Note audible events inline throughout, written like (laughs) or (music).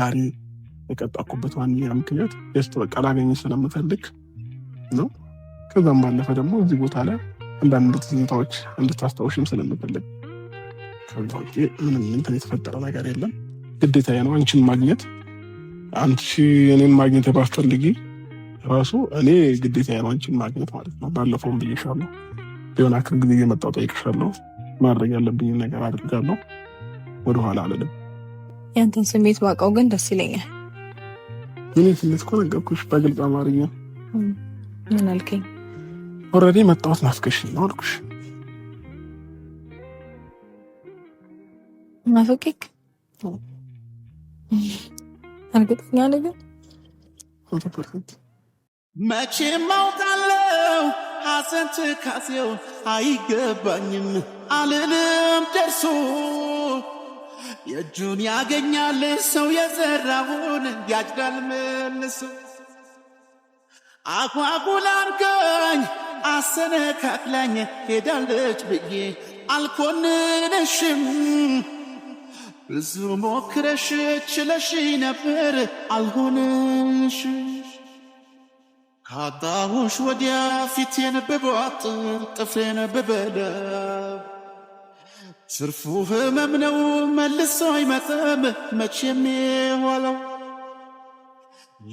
ዛሬ የቀጣኩበት ዋነኛ ምክንያት ደስ በቃ ላገኝ ስለምፈልግ ነው። ከዛም ባለፈ ደግሞ እዚህ ቦታ ላይ አንዳንድ ትዝታዎች እንድታስታውሽም ስለምፈልግ ከዛ ውጪ ምንም እንትን የተፈጠረ ነገር የለም። ግዴታ ነው አንቺን ማግኘት አንቺ እኔን ማግኘት ባስፈልጊ ራሱ እኔ ግዴታ ነው አንቺን ማግኘት ማለት ነው። ባለፈውም ብዬሻለሁ፣ ቢሆን አክል ጊዜ እየመጣሁ ጠይቅሻለሁ። ማድረግ ያለብኝን ነገር አድርጋለሁ። ወደኋላ አልልም። ያንተን ስሜት ባውቀው ግን ደስ ይለኛል። ምን ስሜት እኮ ነገርኩሽ በግልጽ አማርኛ። ምን አልከኝ? ኦልሬዲ መጣሁት ናፍቀሽ ነው አልኩሽ። ናፍቄክ እርግጠኛ ነህ መቼ መቼም አውቃለሁ አይገባኝም አልልም ደርሶ የእጁን ያገኛል ሰው የዘራውን ያጭዳል መልሶ። አጓጉል አሰነ አሰነካክላኝ ሄዳለች ብዬ አልኮንንሽም። ብዙ ሞክረሽ ችለሽ ነበር አልሆንሽ። ካጣሁሽ ወዲያ ፊቴን ብቧጥር ጥፍሬን ብበላ ስርፉ ህመም ነው መልሶ አይመጣም መቼም የሚዋለው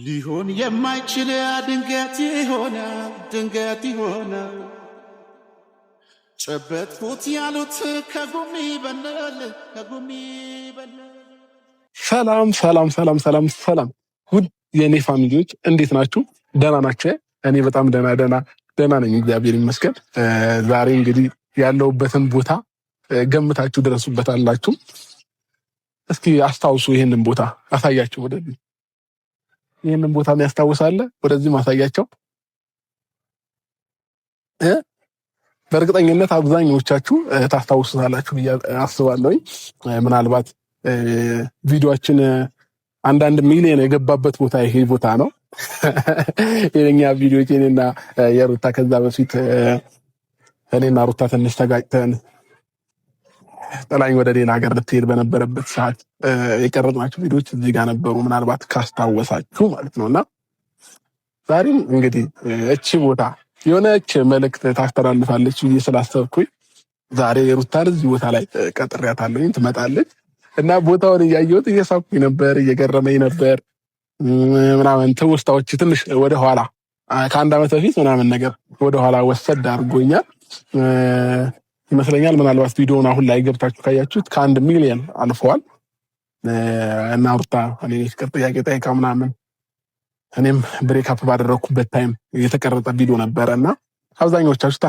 ሊሆን የማይችል ድንገት ይሆናል ድንገት ይሆናል ጨበጥኩት ያሉት ከጉሚ በለል ከጉሚ ይበናል። ሰላም ሰላም ሰላም ሰላም ሰላም ውድ የእኔ ፋሚሊዎች እንዴት ናችሁ? ደና ናቸው። እኔ በጣም ደና ደና ደና ነኝ፣ እግዚአብሔር ይመስገን። ዛሬ እንግዲህ ያለውበትን ቦታ ገምታችሁ ድረሱበት አላችሁ። እስኪ አስታውሱ፣ ይህንን ቦታ አሳያቸው። ወደዚህ ይህንን ቦታ የሚያስታውሳለ ወደዚህ ማሳያቸው። በእርግጠኝነት አብዛኞቻችሁ ታስታውሱታላችሁ ብዬ አስባለሁኝ። ምናልባት ቪዲዮችን አንዳንድ ሚሊዮን የገባበት ቦታ ይሄ ቦታ ነው። (laughs) የኛ ቪዲዮችንና የሩታ ከዛ በፊት እኔና ሩታ ትንሽ ተጋጭተን ጥላኝ ወደ ሌላ ሀገር ልትሄድ በነበረበት ሰዓት የቀረጽናቸው ቪዲዮዎች እዚህ ጋር ነበሩ፣ ምናልባት ካስታወሳችሁ ማለት ነው። እና ዛሬም እንግዲህ እቺ ቦታ የሆነች መልእክት ታስተላልፋለች ብዬ ስላሰብኩኝ ዛሬ ሩታን እዚህ ቦታ ላይ ቀጥሬያታለሁኝ። ትመጣለች እና ቦታውን እያየሁት እየሳኩኝ ነበር፣ እየገረመኝ ነበር ምናምን ትውስታዎች ትንሽ ወደኋላ ከአንድ ዓመት በፊት ምናምን ነገር ወደኋላ ወሰድ አድርጎኛል። ይመስለኛል። ምናልባት ቪዲዮውን አሁን ላይ ገብታችሁ ካያችሁት ከአንድ ሚሊዮን አልፈዋል። እና ሩታ እኔ ፍቅር ጥያቄ ጠይቃ ምናምን እኔም ብሬክአፕ ባደረግኩበት ታይም የተቀረጠ ቪዲዮ ነበረ እና አብዛኛዎቻችሁ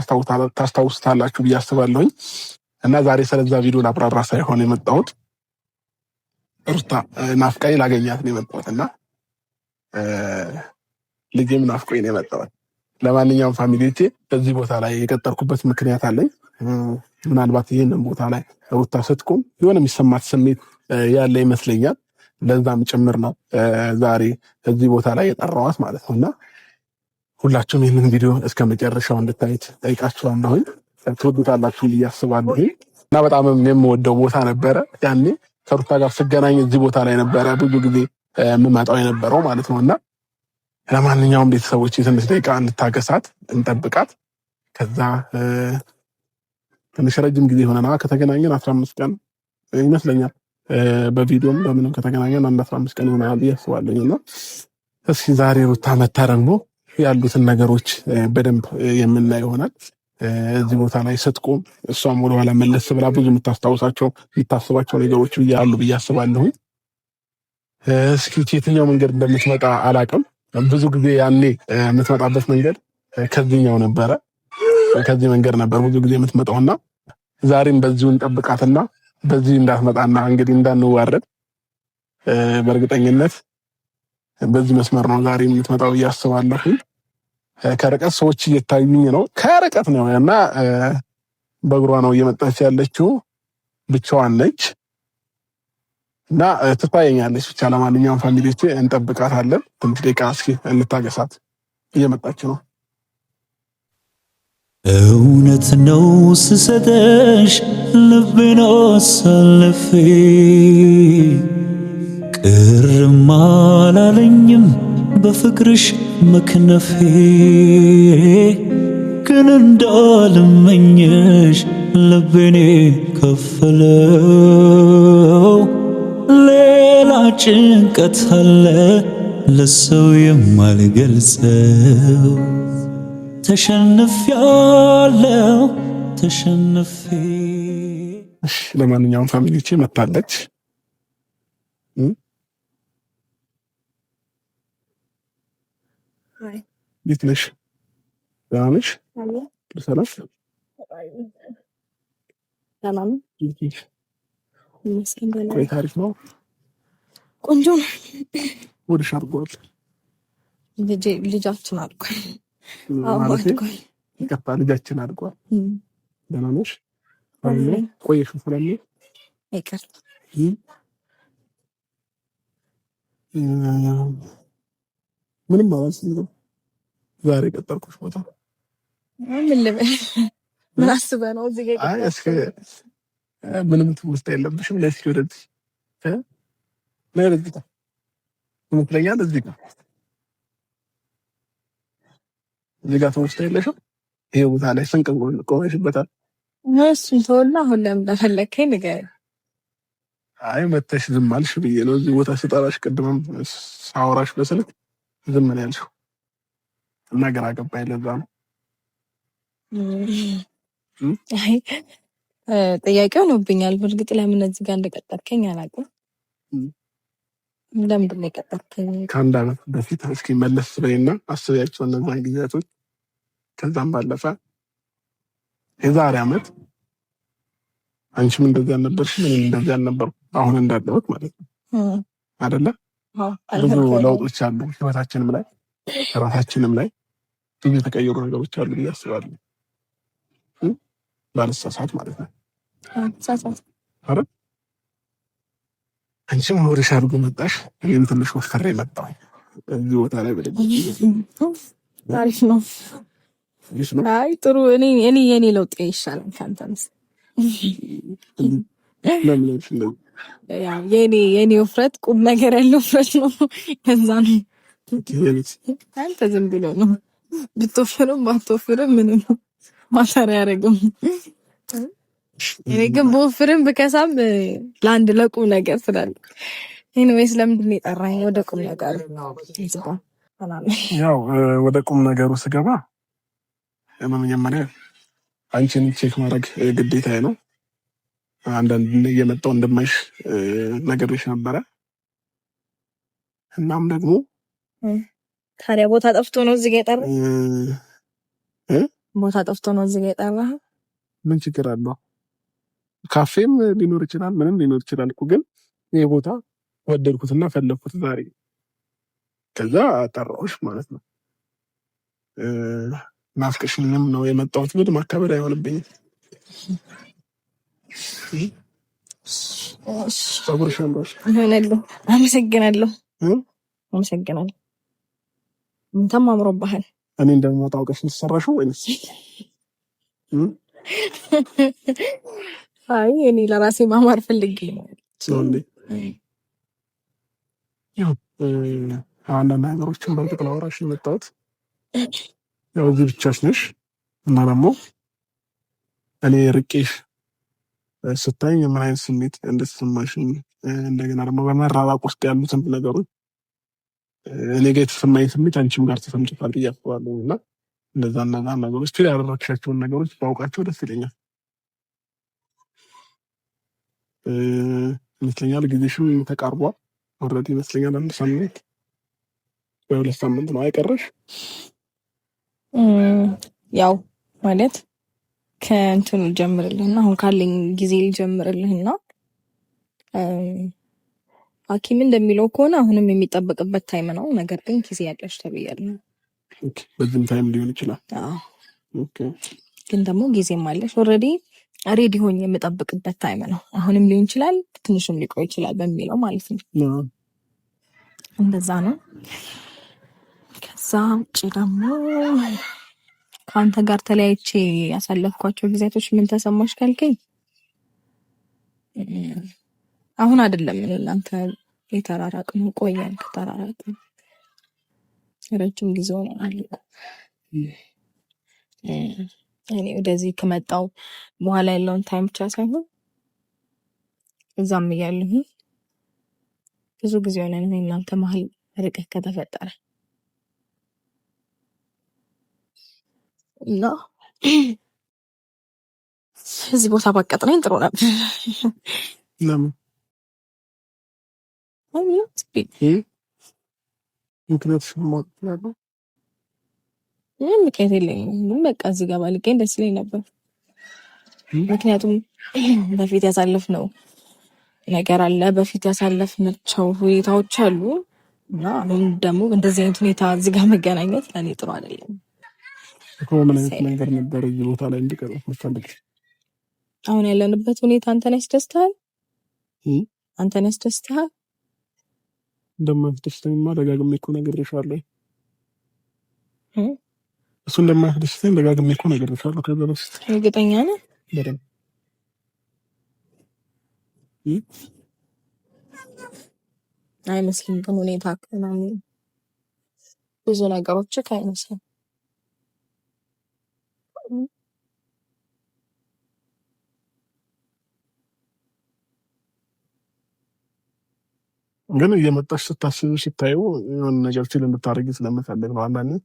ታስታውስታላችሁ ብዬ አስባለሁኝ። እና ዛሬ ስለዛ ቪዲዮ ላብራራ ሳይሆን የመጣሁት ሩታ ናፍቃኝ ላገኛት ነው የመጣሁት እና ልጄም ናፍቆኝ ነው የመጣሁት። ለማንኛውም ፋሚሊዎቼ በዚህ ቦታ ላይ የቀጠርኩበት ምክንያት አለኝ። ምናልባት ይህንን ቦታ ላይ ሩታ ስትቆም የሆነ የሚሰማት ስሜት ያለ ይመስለኛል። ለዛም ጭምር ነው ዛሬ እዚህ ቦታ ላይ የጠራዋት ማለት ነው እና ሁላችሁም ይህንን ቪዲዮ እስከ መጨረሻው እንድታዩት ጠይቃችኋለሁኝ። ትወዱታላችሁ ብዬ አስባለሁ እና በጣም የምወደው ቦታ ነበረ። ያኔ ከሩታ ጋር ስገናኝ እዚህ ቦታ ላይ ነበረ ብዙ ጊዜ የምመጣው የነበረው ማለት ነው እና ለማንኛውም ቤተሰቦች ትንሽ ደቂቃ እንታገሳት፣ እንጠብቃት። ከዛ ትንሽ ረጅም ጊዜ ሆነና ከተገናኘን አስራ አምስት ቀን ይመስለኛል። በቪዲዮም በምንም ከተገናኘን አንድ አስራ አምስት ቀን ይሆናል እያስባለኝ እና እስኪ ዛሬ ሩታ መታ ደግሞ ያሉትን ነገሮች በደንብ የምናይ ይሆናል። እዚህ ቦታ ላይ ስትቆም እሷም ወደኋላ መለስ ብላ ብዙ የምታስታውሳቸው የምታስባቸው ነገሮች አሉ ብዬ አስባለሁኝ። እስኪ የትኛው መንገድ እንደምትመጣ አላቅም። ብዙ ጊዜ ያኔ የምትመጣበት መንገድ ከዚህኛው ነበረ፣ ከዚህ መንገድ ነበር ብዙ ጊዜ የምትመጣውና ዛሬም በዚሁ እንጠብቃትና በዚህ እንዳትመጣና እንግዲህ እንዳንዋረድ በእርግጠኝነት በዚህ መስመር ነው ዛሬ የምትመጣው እያስባለሁ። ከርቀት ሰዎች እየታዩኝ ነው። ከርቀት ነው እና በእግሯ ነው እየመጣች ያለችው። ብቻዋን ነች። እና ትታየኛለች። ብቻ ለማንኛውም ፋሚሊዎቼ እንጠብቃታለን። ትንሽ ደቂቃ እስኪ እንታገሳት፣ እየመጣች ነው። እውነት ነው ስሰጠሽ ልቤን አሳልፌ ቅርም አላለኝም በፍቅርሽ መክነፌ ግን እንዳልመኘሽ ልቤኔ ከፈለው ሌላ ጭንቀት አለ ለሰው የማልገልጸው። ተሸንፍ ያለው ተሸንፍ። ለማንኛውም ፋሚሊዎቼ መታለች እንዴት ነሽ? ደህና ነሽ? ሰላም ቆይታ አሪፍ ነው። ቆንጆ ነው። ወደሽ አድርጓል። ልጃችን አድርጓል። ይቀጣ ልጃችን አድርጓል። ደህና ነሽ? ቆየሽ ስለሚ ምንም አባስ ዛሬ ቀጠርኩሽ ቦታ ምን ልበል? ምን አስበህ ነው እዚህ ምንም ትውስጥ የለብሽም። ለእስኪ ወደዚህ ለዚህ ትክክለኛ ለዚህ ጋ እዚህ ጋር ትውስጥ የለሽም። ይሄ ቦታ ላይ ስንቅ ቆመሽበታል። እሱ ተወላ አሁን ለምን ተፈለከኝ ንገር። አይ መተሽ ዝም አልሽ ብዬ ነው። እዚህ ቦታ ስጠራሽ ቅድምም ሳውራሽ በስልክ ዝም ነው ያልሽው እና ግራ ገባኝ። ለዛ ነው። ጥያቄ ሆኖብኛል። በእርግጥ ለምን እዚህ ጋር እንደቀጠርከኝ አላውቅም። ለምንድን ነው የቀጠርከኝ? ከአንድ ዓመት በፊት እስኪ መለስ በይና አስቢያቸው እነዛን ጊዜያቶች። ከዛም ባለፈ የዛሬ ዓመት አንቺም እንደዚህ አልነበርሽ፣ ምንም እንደዚህ አልነበር አሁን እንዳለበት ማለት ነው አደለ? ብዙ ለውጦች አሉ ህይወታችንም ላይ ራሳችንም ላይ ብዙ የተቀየሩ ነገሮች አሉ ብዬ አስባለሁ፣ ባልሳሳት ማለት ነው። አረ አንቺም ሆድሽ አድርጎ መጣሽ። ይህም ትንሽ ወፈሬ መጣሁ እዚህ ቦታ ላይ ብለ አሪፍ ነው። አይ ጥሩ። እኔ እኔ የኔ ለውጥ ይሻላል ከአንተ የኔ የኔ ውፍረት ቁም ነገር ያለው ውፍረት ነው። ከዛ ነው አንተ ዝም ብሎ ነው ብትወፍርም ባትወፍርም ምንም ማሰሪያ አያደርግም። እኔ ግን በወፍርም ብከሳም ለአንድ ለቁም ነገር ስላለ ኤኒዌይስ፣ ለምንድን የጠራኝ ወደ ቁም ነገሩ ያው ወደ ቁም ነገሩ ስገባ መጀመሪያ አንቺን ቼክ ማድረግ ግዴታ ነው። አንዳንድ እየመጣው እንድማሽ ነገሮች ነበረ። እናም ደግሞ ታዲያ ቦታ ጠፍቶ ነው እዚህ ጋር የጠራ ቦታ ጠፍቶ ነው እዚህ ጋር የጠራ ምን ችግር አለው? ካፌም ሊኖር ይችላል፣ ምንም ሊኖር ይችላል እኮ ግን ይህ ቦታ ወደድኩትና ፈለግኩት ዛሬ። ከዛ ጠራዎች ማለት ነው። ናፍቀሽንም ነው የመጣሁት ብል ማካበድ አይሆንብኝም። ጸጉር ሸምሮሽ ሆነለሁ። አመሰግናለሁ፣ አመሰግናለሁ። እንተም አምሮብሃል። እኔ እንደምመጣ አውቀሽ ነው ወይንስ (laughs) አይ እኔ ለራሴ ማማር ፈልጌ ነው። አንዳንድ ነገሮችን በእርግጥ ላወራሽ የመጣሁት ያው እዚህ ብቻሽ ነሽ እና ደግሞ እኔ ርቄሽ ስታይ የምን አይነት ስሜት እንደተሰማሽን እንደገና ደግሞ በመራራቅ ውስጥ ያሉትን ነገሮች እኔ ጋ የተሰማኝ ስሜት አንቺም ጋር ተሰምቶታል ብዬ አስባለሁ እና እንደዛ እነዛ ነገሮች ያደረግሻቸውን ነገሮች ባውቃቸው ደስ ይለኛል። ይመስለኛል ጊዜሽም ተቃርቧል። ኦልሬዲ ይመስለኛል አንድ ሳምንት ወይ ሁለት ሳምንት ነው አይቀረሽ። ያው ማለት ከእንትኑ ልጀምርልህና አሁን ካለኝ ጊዜ ልጀምርልህና ሐኪም እንደሚለው ከሆነ አሁንም የሚጠበቅበት ታይም ነው። ነገር ግን ጊዜ ያለሽ ተብያለሁ። በዚህም ታይም ሊሆን ይችላል፣ ግን ደግሞ ጊዜም አለሽ ኦልሬዲ ሬዲ ሆኜ የምጠብቅበት ታይም ነው። አሁንም ሊሆን ይችላል ትንሹም ሊቆይ ይችላል በሚለው ማለት ነው። እንደዛ ነው። ከዛ ውጭ ደግሞ ከአንተ ጋር ተለያይቼ ያሳለፍኳቸው ጊዜያቶች ምን ተሰማሽ ካልከኝ አሁን አይደለም እኔ የተራራቅ ነው ቆየን፣ ከተራራቅ ረጅም ጊዜ ሆኖናል። እኔ ወደዚህ ከመጣው በኋላ ያለውን ታይም ብቻ ሳይሆን እዛም እያለሁ ብዙ ጊዜ ሆነ እኔ እናንተ መሀል ርቀት ከተፈጠረ እና እዚህ ቦታ ባቀጥነኝ ጥሩ ነበር። ምክንያቱ ሽማቅ ያለው ምንም ምክንያት የለኝም። ግን በቃ እዚህ ጋር ባልገኝ ደስ ይለኝ ነበር። ምክንያቱም በፊት ያሳለፍነው ነገር አለ፣ በፊት ያሳለፍናቸው ሁኔታዎች አሉ እና አሁን ደግሞ እንደዚህ አይነት ሁኔታ እዚህ ጋር መገናኘት ለእኔ ጥሩ አይደለም። ምን አይነት መንገድ ነበር እዚህ ቦታ ላይ እንዲቀር ምፈልግ? አሁን ያለንበት ሁኔታ አንተን ያስደስትሃል? አንተን ያስደስትሃል? እንደማያስደስተኝማ ደጋግሜ እኮ ይሻለ እሱ እንደማያስደስተኝ ደጋግሜ እኮ ነግሬሻለሁ ከዛ በፊት። እርግጠኛ ነህ? በደምብ አይመስልም። ሁኔታ ምናምን ብዙ ነገሮች አይመስልም። ግን እየመጣሽ ስታስብ ስታየው የሆነ ነገር ሲል እንድታደርጊ ስለምፈልግ ነው አንዳንድ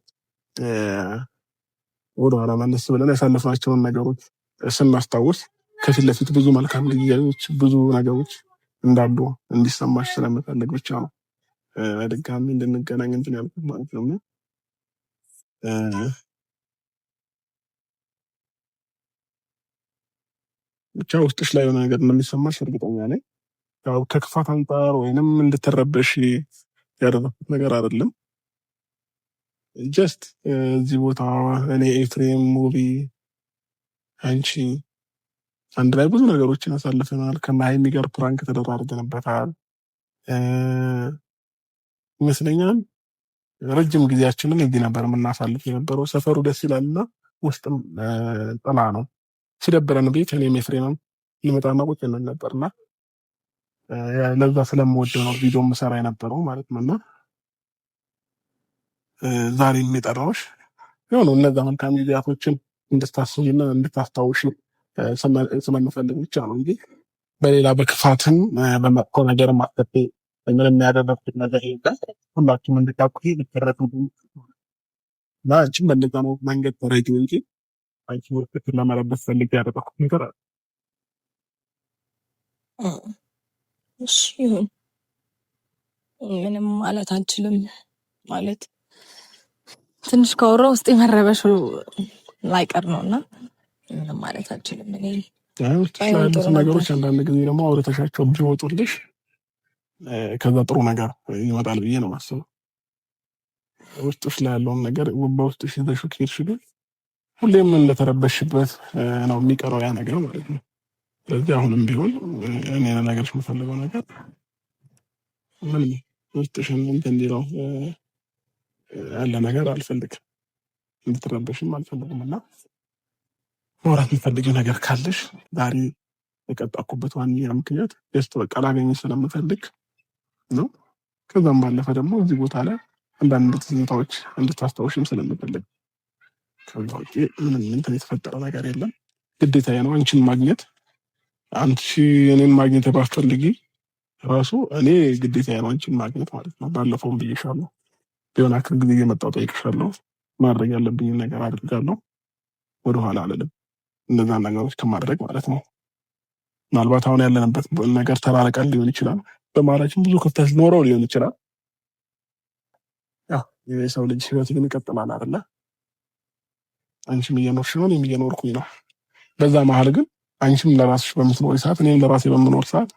ወደኋላ መለስ ብለን ያሳለፍናቸውን ነገሮች ስናስታውስ ከፊት ለፊት ብዙ መልካም ጊዜዎች፣ ብዙ ነገሮች እንዳሉ እንዲሰማሽ ስለምፈልግ ብቻ ነው በድጋሚ እንድንገናኝ እንትን ያልኩት ማለት ነው። ብቻ ውስጥሽ ላይ የሆነ ነገር እንደሚሰማሽ እርግጠኛ ነኝ። ያው ከክፋት አንጻር ወይንም እንድትረበሽ ያደረኩት ነገር አይደለም። ጀስት እዚህ ቦታ እኔ ኤፍሬም፣ ሙቪ አንቺ አንድ ላይ ብዙ ነገሮችን አሳልፈናል። ከሀይሚ ጋር ፕራንክ ተደራርገንበታል ይመስለኛል። ረጅም ጊዜያችንን እዚህ ነበር የምናሳልፍ የነበረው። ሰፈሩ ደስ ይላል እና ውስጥም ጥላ ነው። ሲደብረን ቤት እኔም ኤፍሬምም ልመጣና ቁጭ እንል ነበርና ለዛ ስለምወደው ነው ቪዲዮ ምሰራ የነበረው ማለት ነው እና ዛሬ የሚጠራዎች የሆኑ እነዛ መልካም ጊዜያቶችን እንድታስብና እንድታስታውሽ ስለምፈልግ ብቻ ነው እንጂ በሌላ በክፋትም በመጥፎ ነገር ማሰቤ ምንም ያደረግኩት ነገር የለም። ሁላችሁም እንድታቁ ልትረዱ እና አንቺም በእንደዛ ነው መንገድ ተረጅ እንጂ አንቺ ውስጥትን ለመረበት ፈልግ ያደረግኩት ነገር አለ። ምንም ማለት አንችልም ማለት ትንሽ ካወራ ውስጥ የመረበሹ ላይቀር ነው እና ምንም ማለት አልችልም። ያሉት ነገሮች አንዳንድ ጊዜ ደግሞ አውርተሻቸው ቢወጡልሽ ከዛ ጥሩ ነገር ይመጣል ብዬ ነው ማስበው። ውስጥሽ ላይ ያለውን ነገር በውስጥሽ ይዘሽው ከሄድሽ ግን ሁሌም እንደተረበሽበት ነው የሚቀረው ያ ነገር ማለት ነው። ስለዚህ አሁንም ቢሆን እኔ ነገርሽ የምፈልገው ነገር ምን ውስጥሽን እንትን እንዲለው ያለ ነገር አልፈልግም፣ እንድትረበሽም አልፈልግም እና ወራት የምፈልገው ነገር ካለሽ ዛሬ የቀጣኩበት ዋነኛ ምክንያት ደስት በቃ ላገኝ ስለምፈልግ ነው። ከዛም ባለፈ ደግሞ እዚህ ቦታ ላይ አንዳንድ ትዝታዎች እንድታስታውሽም ስለምፈልግ ከዛ ውጭ ምንም እንትን የተፈጠረ ነገር የለም። ግዴታ ነው አንቺን ማግኘት። አንቺ እኔን ማግኘት ባስፈልጊ ራሱ እኔ ግዴታ ነው አንቺን ማግኘት ማለት ነው። ባለፈውም ብዬሻለሁ። የሆነ አክል ጊዜ እየመጣሁ እጠይቅሻለሁ። ማድረግ ያለብኝ ነገር አድርጋለሁ። ወደኋላ አልልም። እነዛ ነገሮች ከማድረግ ማለት ነው። ምናልባት አሁን ያለንበት ነገር ተራርቀን ሊሆን ይችላል። በመሀላችን ብዙ ክፍተት ኖረው ሊሆን ይችላል። የሰው ልጅ ህይወት ግን ይቀጥላል አይደለ? አንቺም እየኖር ሲሆን እኔም እየኖርኩኝ ነው። በዛ መሀል ግን አንቺም ለራስሽ በምትኖር ሰዓት፣ እኔም ለራሴ በምኖር ሰዓት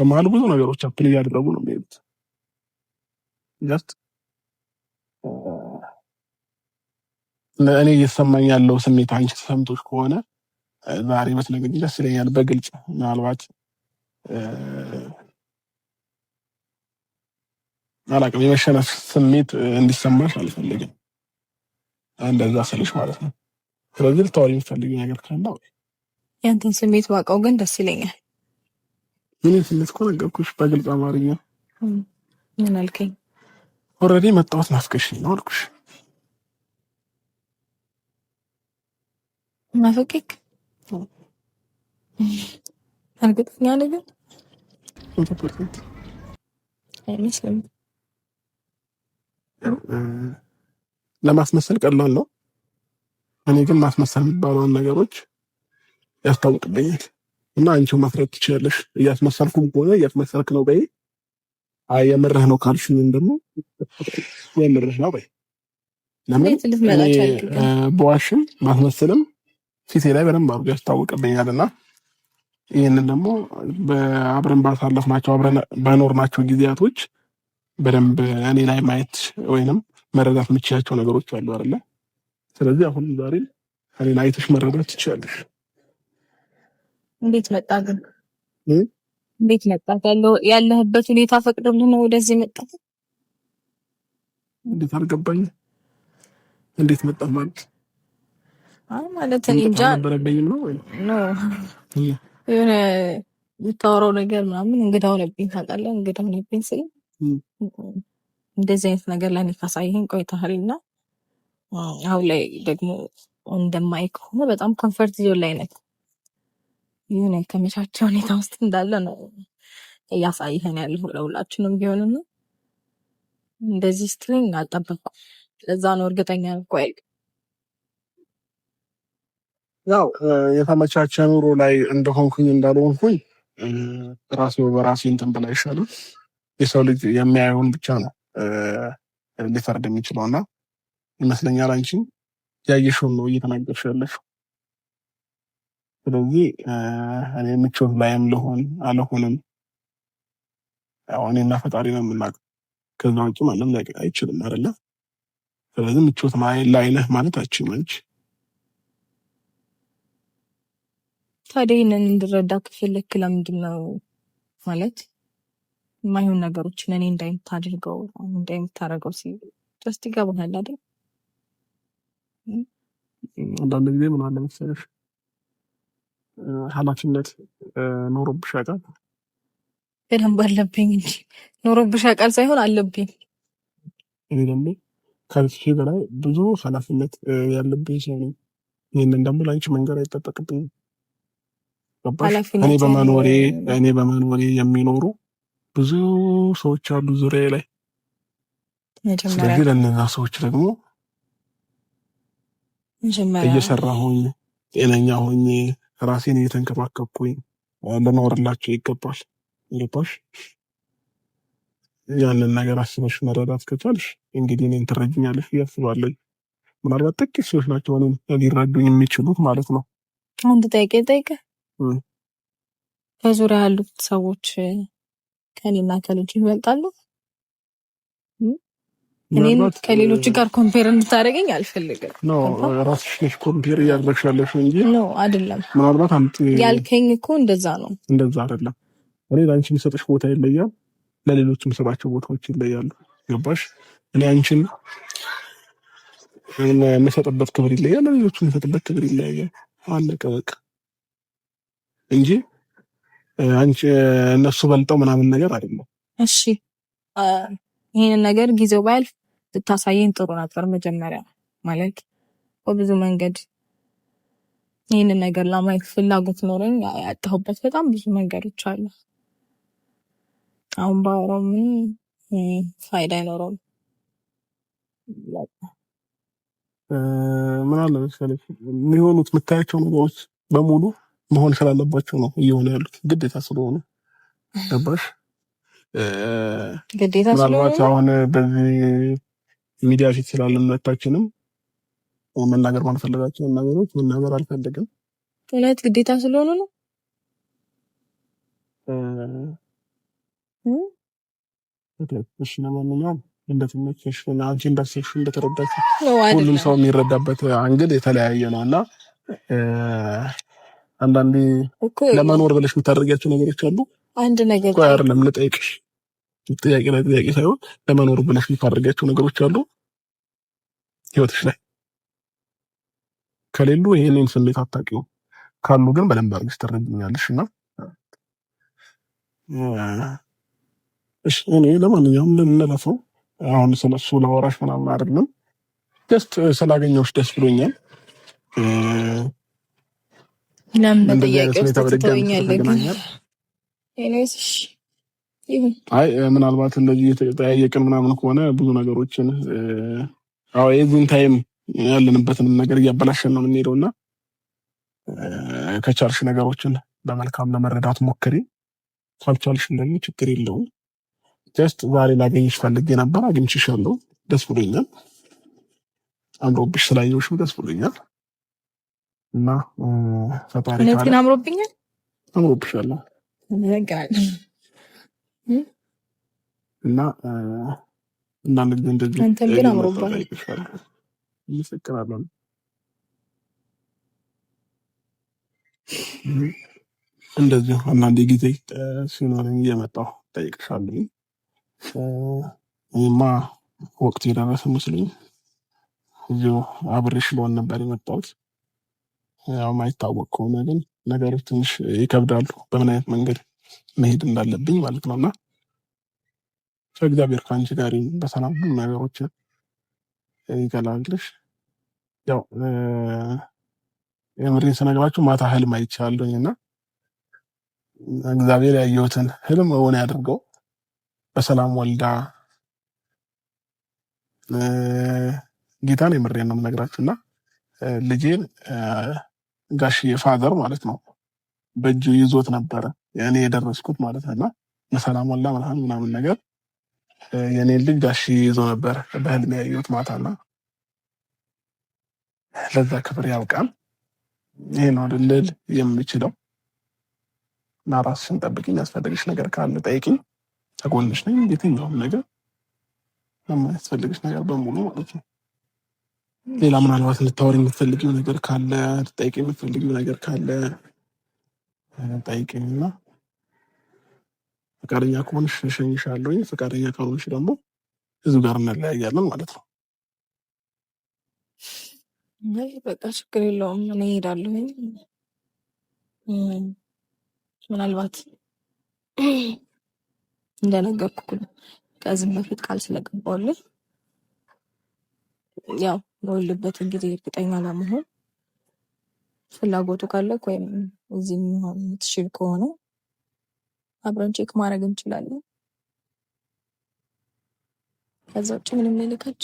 በመሀል ብዙ ነገሮች አፕል እያደረጉ ነው የሚሄዱት ለእኔ እየተሰማኝ ያለው ስሜት አንቺ ተሰምቶች ከሆነ ዛሬ ብትነግሪኝ ደስ ይለኛል፣ በግልጽ ምናልባት አላቅም የመሸነፍ ስሜት እንዲሰማሽ አልፈልግም። እንደዛ ስልሽ ማለት ነው። ስለዚህ ልታወሪ የምትፈልጊ ነገር ካለ ያንተን ስሜት ዋቀው ግን ደስ ይለኛል። ምን ስሜት እኮ ነገርኩሽ በግልጽ አማርኛ። ምን አልከኝ? ኦልሬዲ መጣሁት። ናፍቀሽኝ ነው አልኩሽ። ናፍቄክ እርግጠኛ ነህ ግን አይመስልም። ለማስመሰል ቀላል ነው። እኔ ግን ማስመሰል የሚባለውን ነገሮች ያስታውቅብኛል። እና አንቺው ማስረት ትችላለሽ። እያስመሰልኩም ከሆነ እያስመሰልክ ነው በይ የምርህ ነው ካልሽኝም ደግሞ የምርህ ነው በይ። ለምን በዋሽም ማስመስልም ፊቴ ላይ በደንብ አድርጎ ያስታውቅብኛልና ይህንን ደግሞ አብረን ባሳለፍናቸው አብረን በኖርናቸው ጊዜያቶች በደንብ እኔ ላይ ማየት ወይንም መረዳት የምችላቸው ነገሮች አሉ አለ። ስለዚህ አሁን ዛሬ እኔን አይተሽ መረዳት ትችላለሽ። እንዴት መጣ ግን እንዴት መጣት ያለህበት ሁኔታ ፈቅዶልህ ነው ወደዚህ መጣት? እንዴት አልገባኝም። እንዴት መጣት ማለት አይ ማለት እኔ እንጃ የሆነ የምታወራው ነገር ምናምን እንግዳ ሆነብኝ ታውቃለህ። እንግዳ ሆነብኝ ስል እንደዚህ አይነት ነገር ላይ ካሳየኝ ቆይተሃል እና አሁን ላይ ደግሞ እንደማይክ ሆነ በጣም ኮንፈርት ዞን ላይ ነበር የሆነ የተመቻቸ ሁኔታ ውስጥ እንዳለ ነው እያሳይህን ያለ ለሁላችንም ቢሆንና እንደዚህ ስትለኝ አልጠበቅኩም። ለዛ ነው እርግጠኛ ቆይ ያው የተመቻቸ ኑሮ ላይ እንደሆንኩኝ እንዳልሆንኩኝ ራሴ በራሴ እንትን ብላ ይሻላል። የሰው ልጅ የሚያየውን ብቻ ነው ሊፈርድ የሚችለው እና ይመስለኛል አንቺ ያየሽውን ነው እየተናገርሽ ያለሽው። ስለዚህ እኔ ምቾት ላይም ልሆን አልሆንም እኔና ፈጣሪ ነው የምናውቀው። ከዛ ውጭ ማለም ሊያውቅ አይችልም አይደለ? ስለዚህ ምቾት ላይ ነህ ማለት አችም አንቺ ታዲያ ይህንን እንድረዳ ከፈለክ ለምንድን ነው ማለት የማይሆን ነገሮችን እኔ እንዳይምታደርገው እንዳይምታደርገው ሲ ስ ይገባሃል አይደል? አንዳንድ ጊዜ ምን አለ መሰለሽ ኃላፊነት ኖሮብሽ ያውቃል? በደንብ አለብኝ እንጂ ኖሮብሽ ያውቃል ሳይሆን አለብኝ። እኔ ደግሞ ከዚህ በላይ ብዙ ኃላፊነት ያለብኝ ሰው ነኝ። ይህንን ደግሞ ለአንቺ መንገድ አይጠበቅብኝ። እኔ በመኖሬ እኔ በመኖሬ የሚኖሩ ብዙ ሰዎች አሉ ዙሪያ ላይ። ስለዚህ ለእነዛ ሰዎች ደግሞ እየሰራ ሆኜ ጤነኛ ሆኜ ራሴን እየተንከባከብኩኝ ልኖርላቸው ይገባል። ገባሽ? ያንን ነገር አስበሽ መረዳት ከቻልሽ እንግዲህ እኔን ትረጅኛለሽ እያስባለኝ። ምናልባት ጥቂት ሰዎች ናቸው እኔን ሊረዱኝ የሚችሉት ማለት ነው። አንድ ጠይቄ ጠይቀ በዙሪያ ያሉት ሰዎች ከኔና ከልጅ ይበልጣሉ? እኔን ከሌሎች ጋር ኮምፔር እንድታደርገኝ አልፈልግም። ራስሽ ነሽ ኮምፔር እያደረግሽ ያለሽ እንጂ አይደለም። ምናልባት አምጥ ያልከኝ እኮ እንደዛ ነው። እንደዛ አይደለም። እኔ ለአንቺ የሚሰጥሽ ቦታ ይለያል፣ ለሌሎች የሚሰጣቸው ቦታዎች ይለያሉ። ገባሽ? እኔ አንቺን የምሰጥበት ክብር ይለያል፣ ለሌሎች የሚሰጥበት ክብር ይለያል። አለቀ በቃ እንጂ አንቺ እነሱ በልጠው ምናምን ነገር አይደለም። እሺ ይህንን ነገር ጊዜው ባያልፍ ብታሳየኝ ጥሩ ነበር። መጀመሪያ ማለት በብዙ መንገድ ይህንን ነገር ለማየት ፍላጎት ኖረኝ ያጣሁበት በጣም ብዙ መንገዶች አሉ። አሁን ባወራው ምንም ፋይዳ አይኖረውም። ምን አለ መሰለሽ የሚሆኑት የምታያቸው ነገሮች በሙሉ መሆን ስላለባቸው ነው እየሆኑ ያሉት ግዴታ ስለሆኑ ገባሽ? ምናልባት አሁን በዚህ ሚዲያ ፊት ስላለን ሁለታችንም መናገር ማልፈለጋቸውን ነገሮች መናገር አልፈልግም። እውነት ግዴታ ስለሆኑ ነው። እሺ፣ ለማንኛውም እንደተመቸሽ አንቺ እንዳሰብሽ እንደተረዳሽ ሁሉም ሰው የሚረዳበት አንግድ የተለያየ ነው እና አንዳንዴ ለመኖር ብለሽ የምታደርጊያቸው ነገሮች አሉ አንድ ነገር ቆይ አይደለም ልጠይቅሽ ጥያቄ ላይ ጥያቄ ሳይሆን ለመኖር ብለሽ የምታደርጋቸው ነገሮች አሉ ህይወትሽ ላይ ከሌሉ ይህንን ስሜት አታውቂውም። ካሉ ግን በደንብ አድርግሽ ትረድኛለሽ። እና እኔ ለማንኛውም ልንለፈው አሁን ስለሱ ለወራሽ ምናምን አይደለም፣ ደስ ስላገኘሁሽ ደስ ብሎኛል። ለምን ጠያቄ ውስጥ አይ ምናልባት እንደዚህ የተጠያየቅን ምናምን ከሆነ ብዙ ነገሮችን አዎ የዚህን ታይም ያለንበትን ነገር እያበላሸን ነው የምንሄደው እና ከቻልሽ ነገሮችን በመልካም ለመረዳት ሞክሪ። ካልቻልሽ እንደሚ ችግር የለውም። ጀስት ዛሬ ላገኝሽ ፈልጌ ነበር፣ አግኝቼሻለሁ። ደስ ብሎኛል። አምሮብሽ ስላየሁሽም ደስ ብሎኛል እና ፈጣሪ አምሮብኛል፣ አምሮብሻለሁ እናገራለን እና አንዳንድ ጊዜ እንደዚህ አንተን ግን አምሮባል ይፈቅራለን እንደዚሁ አንዳንድ ጊዜ ሲኖረኝ እየመጣሁ ጠይቅሻለኝ። እኔማ ወቅቱ የደረሰ መስሎኝ እዚሁ አብሬሽ ልሆን ነበር የመጣሁት። ያው ማይታወቅ ከሆነ ግን ነገሮች ትንሽ ይከብዳሉ፣ በምን አይነት መንገድ መሄድ እንዳለብኝ ማለት ነው። እና ከእግዚአብሔር ከአንቺ ጋር በሰላም ሁሉ ነገሮችን ይገላግልሽ። ያው የምሬን ስነግራችሁ ማታ ህልም አይቻለኝ እና እግዚአብሔር ያየሁትን ህልም እውን ያድርገው። በሰላም ወልዳ ጌታን የምሬን ነው የምነግራችሁ እና ልጄን ጋሽዬ ፋዘር ማለት ነው በእጁ ይዞት ነበረ እኔ የደረስኩት ማለት ነውና መሰላም ወላ ምናምን ምናምን ነገር የኔን ልጅ ጋሽዬ ይዞ ነበር በህል ያየሁት ማታና ለዛ ክብር ያውቃል ይሄ ነው ልል የምችለው እና ራስሽን ጠብቂኝ። የሚያስፈልግሽ ነገር ካለ ጠይቂኝ፣ ተጎንሽ ነኝ። የትኛውም ነገር ለማያስፈልግሽ ነገር በሙሉ ማለት ነው ሌላ ምናልባት ልታወር የምትፈልጊው ነገር ካለ ልጠይቅ የምትፈልጊው ነገር ካለ ጠይቅኝና ፈቃደኛ ከሆንሽ እሸኝሻለሁኝ፣ ፈቃደኛ ከሆንሽ ደግሞ እዚሁ ጋር እንለያያለን ማለት ነው። በቃ ችግር የለውም። እኔ እሄዳለሁኝ። ምናልባት እንደነገርኩ ከዚህም በፊት ቃል ስለገባሁልኝ ያው በወልበትን ጊዜ እርግጠኛ ለመሆን ፍላጎቱ ካለ ወይም እዚህ የሚሆን የምትችል ከሆነ አብረን ቼክ ማድረግ እንችላለን። ከዛ ውጭ ምንም ልልካች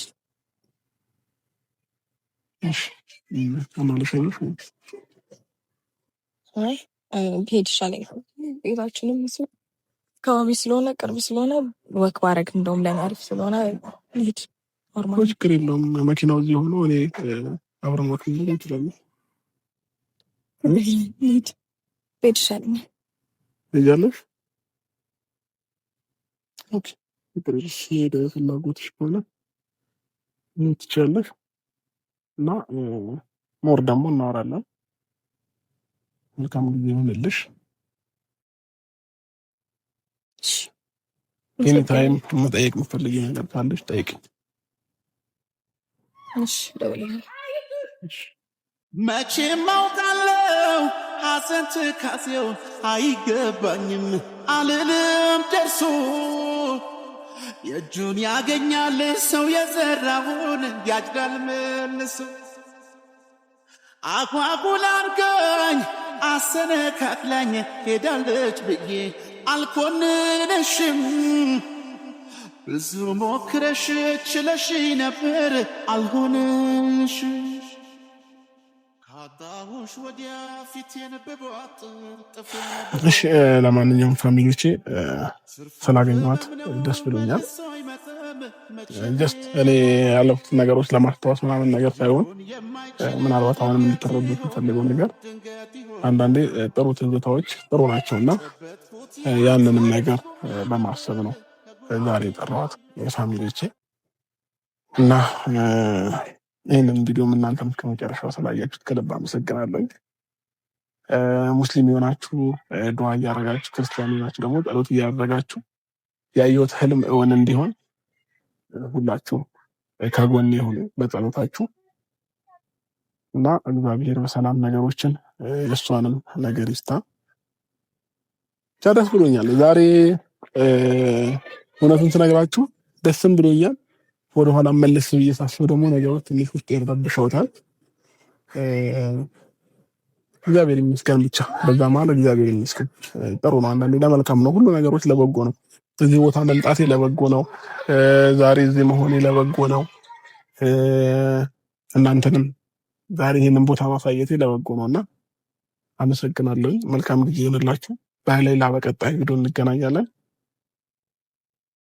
ሄድ ይሻለኝ። ቤታችንም አካባቢ ስለሆነ ቅርብ ስለሆነ ወክ ማድረግ እንደውም ለማሪፍ ስለሆነ ሄድ ኖርማል፣ ችግር የለውም። መኪናው እዚህ ሆኖ እኔ አብረን ወክ እንችላለን። ቤት ይሻለኛል። እያለሽ ሄደ ፍላጎትሽ ከሆነ ትችያለሽ እና ሞር ደግሞ እናወራለን። መልካም ጊዜ ይሆንልሽ። ኤኒ መጠየቅ የምትፈልጊ ነገር ካለሽ ጠይቅ። መቼም አውቃለው ሐዘን ትካሴው አይገባኝም አልልም ደርሶ የእጁን ያገኛል ሰው የዘራውን ያጭዳል መልሶ አጓጉል አርጋኝ አሰነካክላኝ ሄዳለች ብዬ አልኮንንሽም ብዙ ሞክረሽ ችለሽ ነበር አልሆነሽ። እሺ ለማንኛውም ፋሚሊዎቼ ስላገኘት ደስ ብሎኛል። ጀስት እኔ ያለፉት ነገሮች ለማስታወስ ምናምን ነገር ሳይሆን ምናልባት አሁንም እንድትረዱ የምፈልገው ነገር አንዳንዴ ጥሩ ትዝታዎች ጥሩ ናቸው እና ያንንም ነገር ለማሰብ ነው ዛሬ የጠራኋት የፋሚሊቼ እና ይህንን ቪዲዮም እናንተም ከመጨረሻው ስላያችሁት ከልብ አመሰግናለሁ። ሙስሊም የሆናችሁ ድዋ እያደረጋችሁ፣ ክርስቲያን የሆናችሁ ደግሞ ጸሎት እያደረጋችሁ ያየሁት ህልም እውን እንዲሆን ሁላችሁ ከጎን የሆኑ በጸሎታችሁ እና እግዚአብሔር በሰላም ነገሮችን የእሷንም ነገር ይስታ። ደስ ብሎኛል ዛሬ እውነቱን ስነግራችሁ ደስም ብሎኛል። ወደኋላ መለስ ብዬ ሳስብ ደግሞ ነገሮች ትንሽ ውስጥ ይረብሸውታል። እግዚአብሔር ይመስገን ብቻ በዛ መሀል እግዚአብሔር ይመስገን ጥሩ ነው። አንዳንዴ ለመልካም ነው፣ ሁሉ ነገሮች ለበጎ ነው። እዚህ ቦታ መምጣቴ ለበጎ ነው። ዛሬ እዚህ መሆኔ ለበጎ ነው። እናንተንም ዛሬ ይህንን ቦታ ማሳየቴ ለበጎ ነው እና አመሰግናለሁ። መልካም ጊዜ ይሆንላችሁ። ባህላይ ላበቀጣይ ቪዲዮ እንገናኛለን።